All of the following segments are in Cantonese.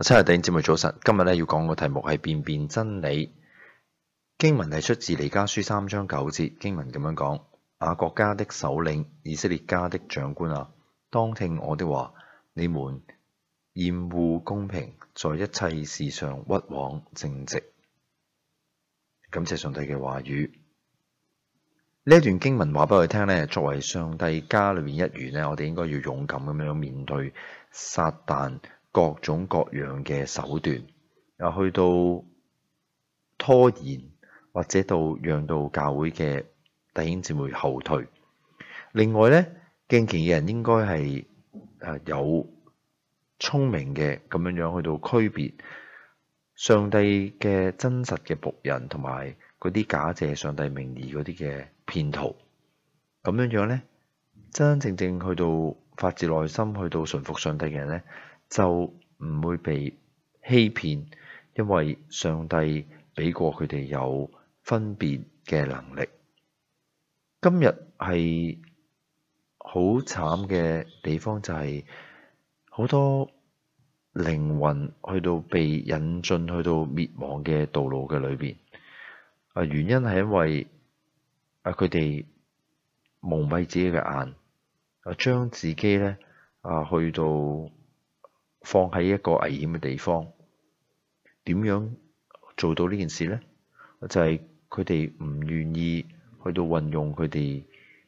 七日弟兄姐妹早晨，今日咧要講個題目係辨別真理。經文係出自《彌迦書》三章九節，經文咁樣講：啊，雅各家的首領、以色列家的長官啊，當聽我的話，你們厭惡公平，在一切事上屈枉正直。感謝上帝嘅話語。呢段經文話俾我哋聽咧，作為上帝家裏面一員咧，我哋應該要勇敢咁樣面對撒旦。各種各樣嘅手段，又去到拖延，或者到讓到教會嘅弟兄姊妹後退。另外呢，敬虔嘅人應該係有聰明嘅咁樣樣去到區別上帝嘅真實嘅僕人，同埋嗰啲假借上帝名義嗰啲嘅騙徒。咁樣樣呢，真真正正去到發自內心去到順服上帝嘅人呢，就唔會被欺騙，因為上帝畀過佢哋有分別嘅能力。今日係好慘嘅地方，就係好多靈魂去到被引進去到滅亡嘅道路嘅裏邊。啊，原因係因為啊，佢哋蒙蔽自己嘅眼啊，將自己咧啊去到。放喺一個危險嘅地方，點樣做到呢件事呢？就係佢哋唔願意去到運用佢哋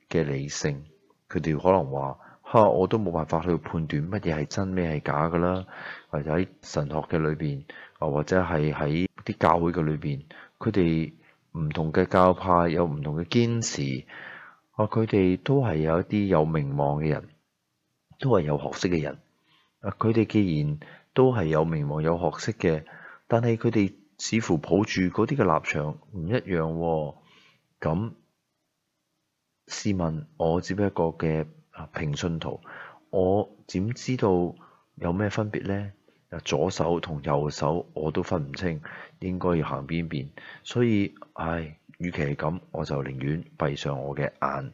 嘅理性，佢哋可能話：吓、啊，我都冇辦法去判斷乜嘢係真，咩係假噶啦。或者喺神學嘅裏邊，或者係喺啲教會嘅裏邊，佢哋唔同嘅教派有唔同嘅堅持。啊，佢哋都係有一啲有名望嘅人，都係有學識嘅人。佢哋既然都係有名望、有學識嘅，但係佢哋似乎抱住嗰啲嘅立場唔一樣喎、哦。咁試問我只不過嘅平信徒，我點知道有咩分別呢？左手同右手我都分唔清，應該要行邊邊？所以唉，與其係咁，我就寧願閉上我嘅眼，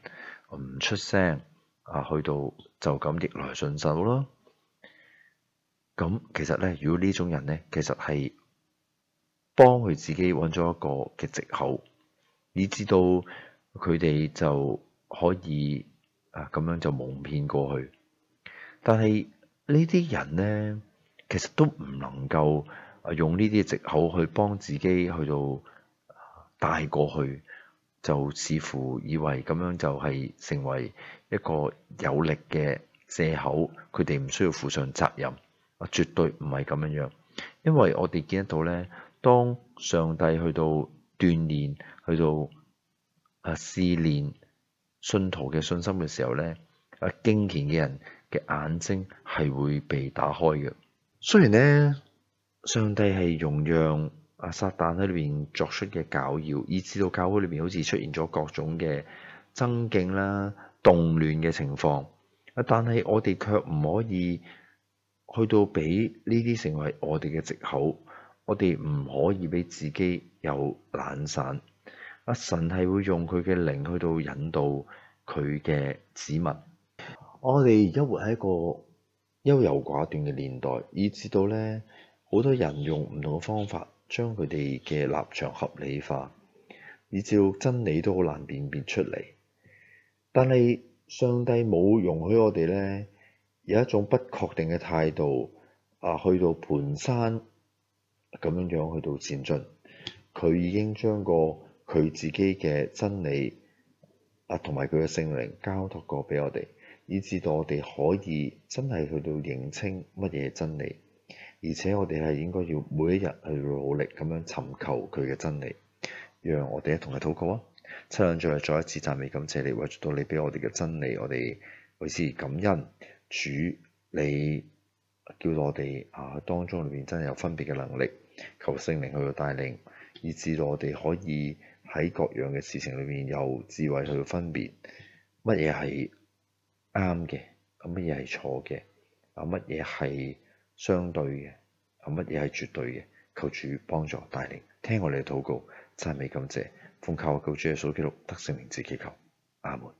唔出聲，去到就咁逆來順受咯。咁其實咧，如果呢種人咧，其實係幫佢自己揾咗一個嘅藉口，你知道佢哋就可以啊咁樣就蒙騙過去。但係呢啲人咧，其實都唔能夠用呢啲藉口去幫自己去到帶過去，就似乎以為咁樣就係成為一個有力嘅藉口，佢哋唔需要負上責任。啊，絕對唔係咁樣樣，因為我哋見得到咧，當上帝去到鍛煉，去到啊試煉信徒嘅信心嘅時候咧，啊敬虔嘅人嘅眼睛係會被打開嘅。雖然咧，上帝係容讓啊撒旦喺裏邊作出嘅攪擾，以至到教會裏邊好似出現咗各種嘅爭競啦，動亂嘅情況，啊，但係我哋卻唔可以。去到俾呢啲成為我哋嘅藉口，我哋唔可以俾自己有懶散。啊，神係會用佢嘅靈去到引導佢嘅子民。 我哋而家活喺一個優柔寡斷嘅年代，以至到呢好多人用唔同嘅方法將佢哋嘅立場合理化，以至到真理都好難辨別出嚟。但係上帝冇容許我哋呢。有一種不確定嘅態度，啊，去到盤山咁樣樣去到前進。佢已經將個佢自己嘅真理啊，同埋佢嘅聖靈交託過俾我哋，以致到我哋可以真係去到認清乜嘢真理。而且我哋係應該要每一日去努力咁樣尋求佢嘅真理，讓我哋一同嚟禱告啊！七兩再再一次讚美感謝你，為到你俾我哋嘅真理，我哋表示感恩。主，你叫我哋啊，當中裏面真係有分別嘅能力，求聖靈去到帶領，以至我哋可以喺各樣嘅事情裏面有智慧去到分別，乜嘢係啱嘅，咁乜嘢係錯嘅，啊乜嘢係相對嘅，啊乜嘢係絕對嘅，求主幫助帶領，聽我哋嘅禱告，真讚美感謝，奉靠我主耶穌基督得勝名字祈求，阿門。